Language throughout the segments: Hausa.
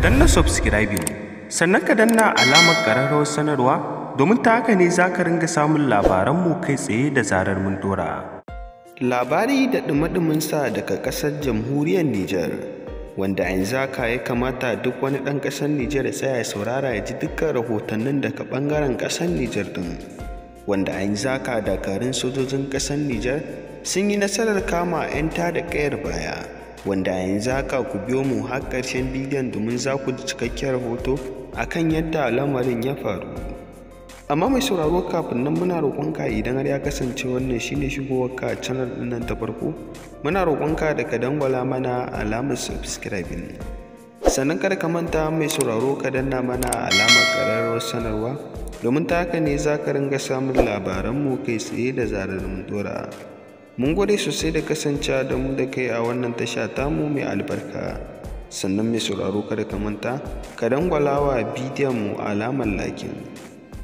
danna subscribing sannan ka danna alamar ƙararrawar sanarwa domin ta haka ne za ka ringa samun labaranmu kai tsaye da zarar mun dora. Labari da sa daga ƙasar jamhuriyar Nijar wanda yanzu haka ya kamata duk wani ɗan ƙasar Nijar ya tsaya ya saurara ya ji dukkan rahotannin daga ɓangaren ƙasar Nijar ɗin. Wanda yanzu haka dakarun sojojin ƙasar Nijar sun yi nasarar kama 'yan tada ƙayar baya. wanda a yanzu haka ku biyo mu har ƙarshen bidiyon domin za ku ji cikakkiyar hoto kan yadda lamarin ya faru amma mai sauraro kafin nan muna roƙonka idan har ya kasance wannan shine shigowar ka canar nan ta farko muna roƙonka da ka dangwala mana alamar ne sannan kada ka manta mai sauraro ka danna mana alamar ƙararrawar sanarwa domin ta haka ne za ka ringa samun labaranmu kai tsaye da zararin mu dora mun gode sosai da kasance da mu da kai a wannan tasha tamu mai albarka sannan mai sauraro kada ka manta ka dangwalawa bidiyon mu alamar lakin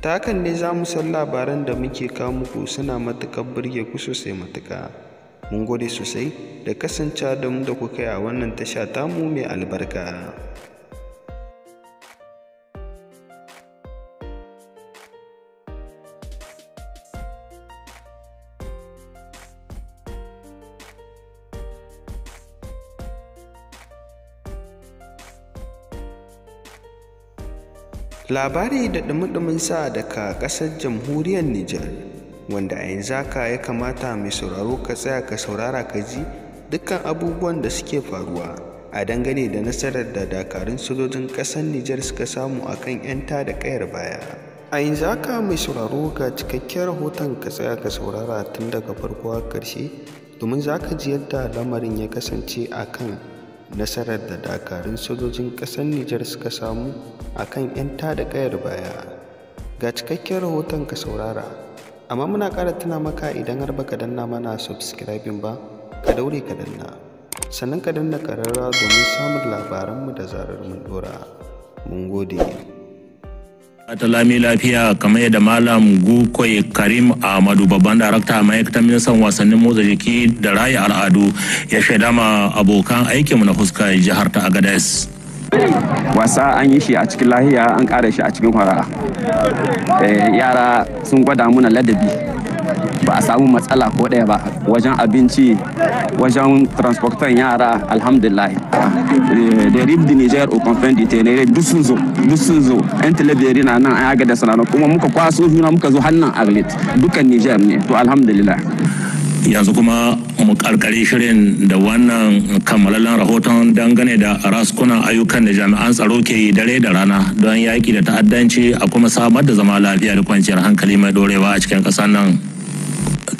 ta hakan ne za mu san labaran da muke kawo muku suna matuƙar burge ku sosai matuka mun gode sosai da kasance da mu da ku kai a wannan tasha tamu mai albarka labari da ɗumi sa daga kasar jamhuriyar Nijar wanda a yanzu haka ya kamata mai sauraro ka tsaya ka saurara ka ji dukkan abubuwan da suke faruwa a dangane da nasarar da dakarun sojojin ƙasar Nijar suka samu akan 'yanta da ƙayar baya. A yanzu haka mai sauraro ga cikakken rahoton ka tsaya ka saurara tun daga farko har ƙarshe domin za ka ji yadda lamarin ya kasance a akan nasarar da dakarun sojojin ƙasar Nijar suka samu a kan 'yan tada ƙayar baya. Ga cikakken rahoton ka saurara, amma muna ƙara tuna maka idan har baka danna mana subscribing ba, ka daure ka danna. Sannan ka danna ƙararra domin samun labaranmu da zarar mun dora. Mun gode. ta lami lafiya kamar yadda malam gukoi karim ahmadu babban darakta ma'aikatan ministan wasannin motsa jiki da raya al'adu ya shaida ma abokan aikinmu na fuska jihar ta agades wasa an yi shi a cikin lahiya an ƙara shi a cikin kwara eh, yara sun gwada muna ladabi ba a samu matsala ko ɗaya ba wajen abinci wajen transportan yara alhamdulillah da rib di niger o confin di tenere dusunzo dusunzo zo duk zo yan talabiri na nan an yaga da sanano kuma muka kwaso juna muka zo hannun arlit dukkan niger ne to alhamdulillah yanzu kuma mu karkare shirin da wannan kammalallen rahoton dangane da raskunan ayyukan da jami'an tsaro ke yi dare da rana don yaƙi da ta'addanci a kuma samar da zama lafiya da kwanciyar hankali mai dorewa a cikin ƙasar nan.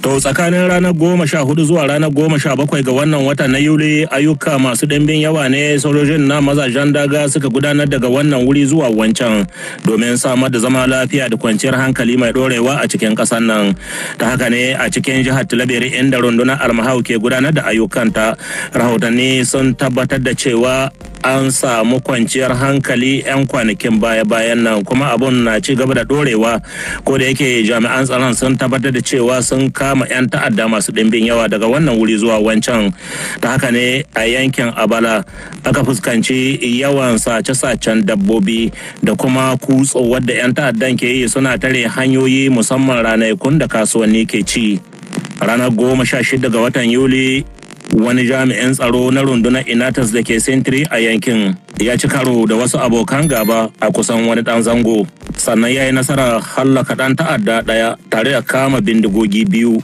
To tsakanin ranar goma sha hudu zuwa ranar goma sha bakwai ga wannan wata na Yuli ayyuka masu ɗimbin yawa ne sojojin na mazajen daga suka gudanar daga wannan wuri zuwa wancan domin samar da zama lafiya da kwanciyar hankali mai ɗorewa a cikin ƙasar nan. Ta haka ne a cikin jihar Talabiri inda rundunar almahau ke gudanar da ayyukanta rahotanni sun tabbatar da cewa an samu kwanciyar hankali 'yan kwanakin baya-bayan nan kuma abun na ci gaba da dorewa ko da yake jami'an tsaron sun tabbatar da cewa sun kama 'yan ta'adda masu ɗimbin yawa daga wannan wuri zuwa wancan ta haka ne a yankin abala aka fuskanci yawan sace-sacen dabbobi da kuma kutso wadda 'yan ta'addan ke yi suna tare hanyoyi musamman ranakun da kasuwanni ke ci ranar goma sha shida ga watan yuli wani jami'in tsaro na rundunar inatas da ke sentry a yankin ya ci karo da wasu abokan gaba a kusan wani dan zango sannan ya yi nasarar hallaka dan ta'adda daya tare da kama bindigogi biyu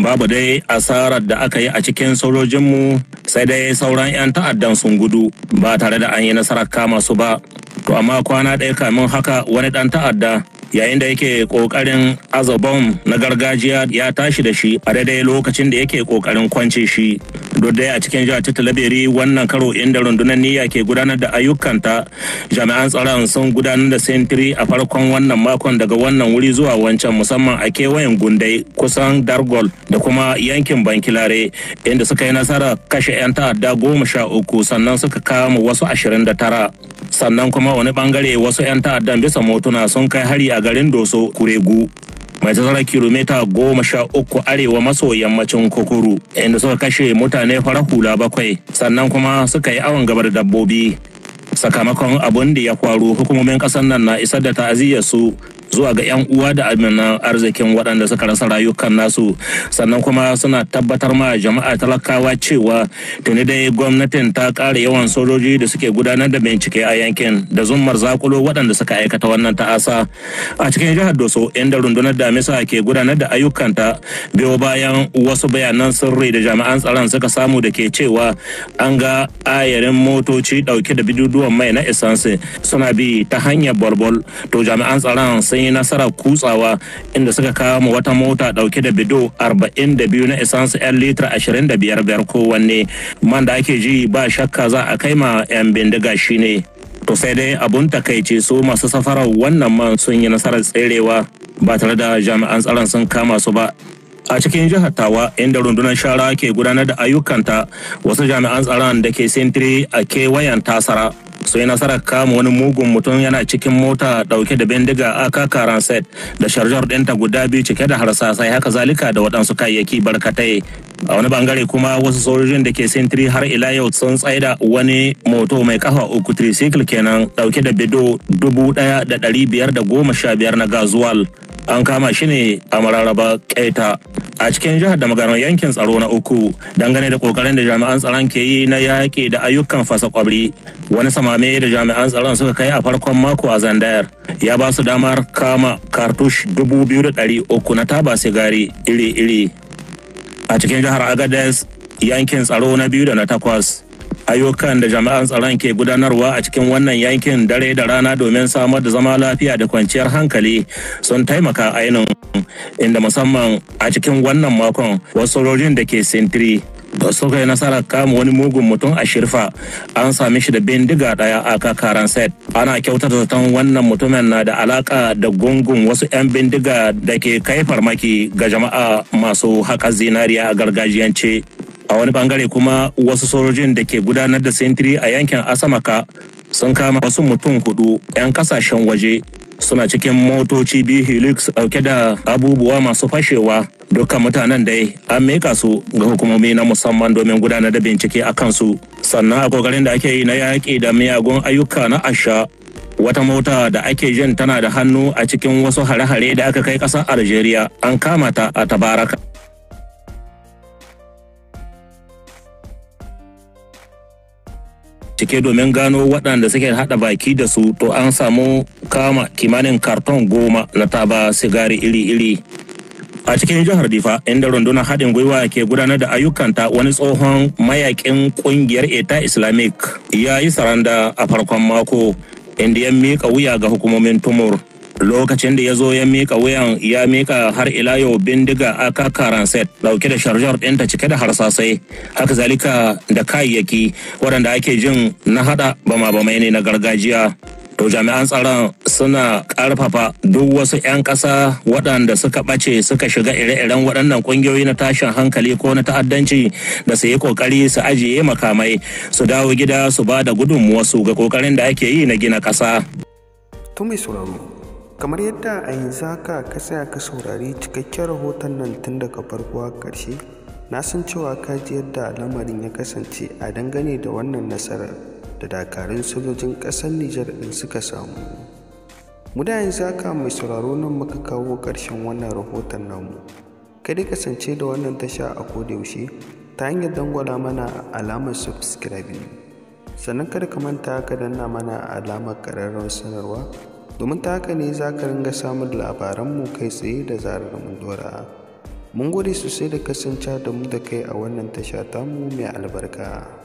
babu dai asarar da aka yi a cikin sojojinmu sai dai sauran 'yan ta'addan sun gudu ba tare da an yi nasarar kama su ba to amma kwana ɗaya kamin haka wani ɗan ta'adda yayin da yake kokarin aza bom na gargajiya ya tashi da shi a daidai lokacin da yake kokarin kwance shi duk a cikin jihar ta wannan karo inda rundunar niyya ke gudanar da ayyukanta jami'an tsaron sun gudanar da sentiri a farkon wannan makon daga wannan wuri zuwa wancan musamman a kewayen gundai kusan dargol da kuma yankin bankilare inda suka yi nasara kashe 'yan ta'adda goma sha uku sannan suka kama wasu ashirin da tara sannan kuma wani bangare wasu 'yan ta'addan bisa motuna sun kai hari a garin doso kuregu mai tazarar kilomita goma sha uku arewa maso yammacin kokuru inda suka kashe mutane fara hula bakwai sannan kuma suka yi awon gabar dabbobi sakamakon abun da ya faru hukumomin kasar nan na isar da ta'aziyyar su zuwa ga 'yan uwa da amina arzikin waɗanda suka rasa rayukan nasu sannan kuma suna tabbatar ma jama'a talakawa cewa tuni dai gwamnatin ta ƙara yawan sojoji da suke gudanar da bincike a yankin da zummar zakulo waɗanda suka aikata wannan ta'asa a cikin jihar doso inda rundunar damisa ke gudanar da ayyukanta biyo bayan wasu bayanan sirri da jami'an tsaron suka samu da ke cewa an ga ayarin motoci ɗauke da duwan mai na isansi suna bi ta hanyar borbol to jami'an tsaron sun yi nasara kutsawa inda suka kama wata mota dauke da bido 42 na essence 'yan litre 25 biyar kowanne man da ake ji ba shakka za a kai ma 'yan bindiga shine to sai dai abun takaici su masu safarar wannan man sun yi nasarar tserewa ba tare da jami'an tsaron sun kama su ba a cikin jihar tawa inda rundunar shara ke gudanar da ayyukanta wasu jami'an tsaron da ke sintiri a kewayen tasara sai yi nasarar kama wani mugun mutum yana cikin mota dauke da bindiga aka karan set da sharjar dinta guda biyu cike da harsasai haka zalika da waɗansu kayayyaki barkatai a wani bangare kuma wasu sojojin da ke sintiri har ila yau sun tsaida wani moto mai kafa uku tricycle kenan dauke da bido dubu daya da ɗari biyar da goma sha biyar na gazuwal an kama shi ne a mararaba keta a cikin jihar da magaran yankin tsaro na uku dangane da kokarin da jami'an tsaron ke yi na yaƙi da ayyukan fasa kwabri wani samame da jami'an tsaron suka kai a farkon mako a zandayar ya ba su damar kama kartush dubu biyu da ɗari uku na taba sigari iri-iri a cikin jihar agadez yankin tsaro na biyu da na takwas ayyukan da jami'an tsaron ke gudanarwa a cikin wannan yankin dare da rana domin samar da zama lafiya da kwanciyar hankali sun taimaka ainihin inda musamman a cikin wannan makon wasu sojojin da ke sintiri da suka yi nasara kama wani mugun mutum a shirfa an sami shi da bindiga daya a kakaran set ana da zaton wannan mutumin na da alaka da gungun wasu 'yan bindiga da ke kai farmaki ga jama'a masu haka zinariya a gargajiyance a wani bangare kuma wasu sojojin da ke gudanar da sentiri a yankin asamaka sun kama wasu mutum hudu 'yan kasashen waje suna cikin motoci biyu helix dauke da abubuwa masu fashewa dukkan mutanen dai an mika su ga hukumomi na musamman domin gudanar da bincike a kansu sannan a kokarin da ake yi na yaƙi da miyagun ayyuka na asha wata mota da ake jin tana da hannu a cikin wasu hare-hare da aka kai ƙasar algeria an kama ta a tabaraka bincike domin gano waɗanda suke haɗa baki da su to an samu kama kimanin karton goma na taba sigari iri-iri a cikin jihar difa inda rundunar haɗin gwiwa ke gudanar da ayyukanta wani tsohon mayakin ƙungiyar eta islamic ya yi saranda a farkon mako inda ya mika wuya ga hukumomin tumur lokacin da ya zo ya mika wuyan ya mika har ila yau bindiga aka karanset dauke da sharjar ɗinta cike da harsasai haka zalika da kayayyaki waɗanda ake jin na hada bama-bamai ne na gargajiya to jami'an tsaron suna ƙarfafa duk wasu 'yan ƙasa waɗanda suka ɓace suka shiga ire-iren waɗannan ƙungiyoyi na tashin hankali ko na ta'addanci da su yi ƙoƙari su ajiye makamai su dawo gida su ba da gudunmuwarsu ga ƙoƙarin da ake yi na gina ƙasa. kamar yadda a yanzu haka ka tsaya ka saurari cikakken rahoton nan tun daga farko a ƙarshe na san cewa ka ji yadda lamarin ya kasance a dangane da wannan nasarar da dakarun sojojin ƙasar nijar ɗin suka samu mu da yanzu haka mai sauraro nan muka kawo ƙarshen wannan rahoton namu kada dai kasance da wannan tasha a kodayaushe ta hanyar dangwala mana alamar subscribing sannan kada ka manta ka danna mana alamar ƙararrawar sanarwa domin ta haka ne za ka ringa samun mu kai tsaye da zarar mun dora mun gode sosai da kasance da mu da kai a wannan tasha tamu mai albarka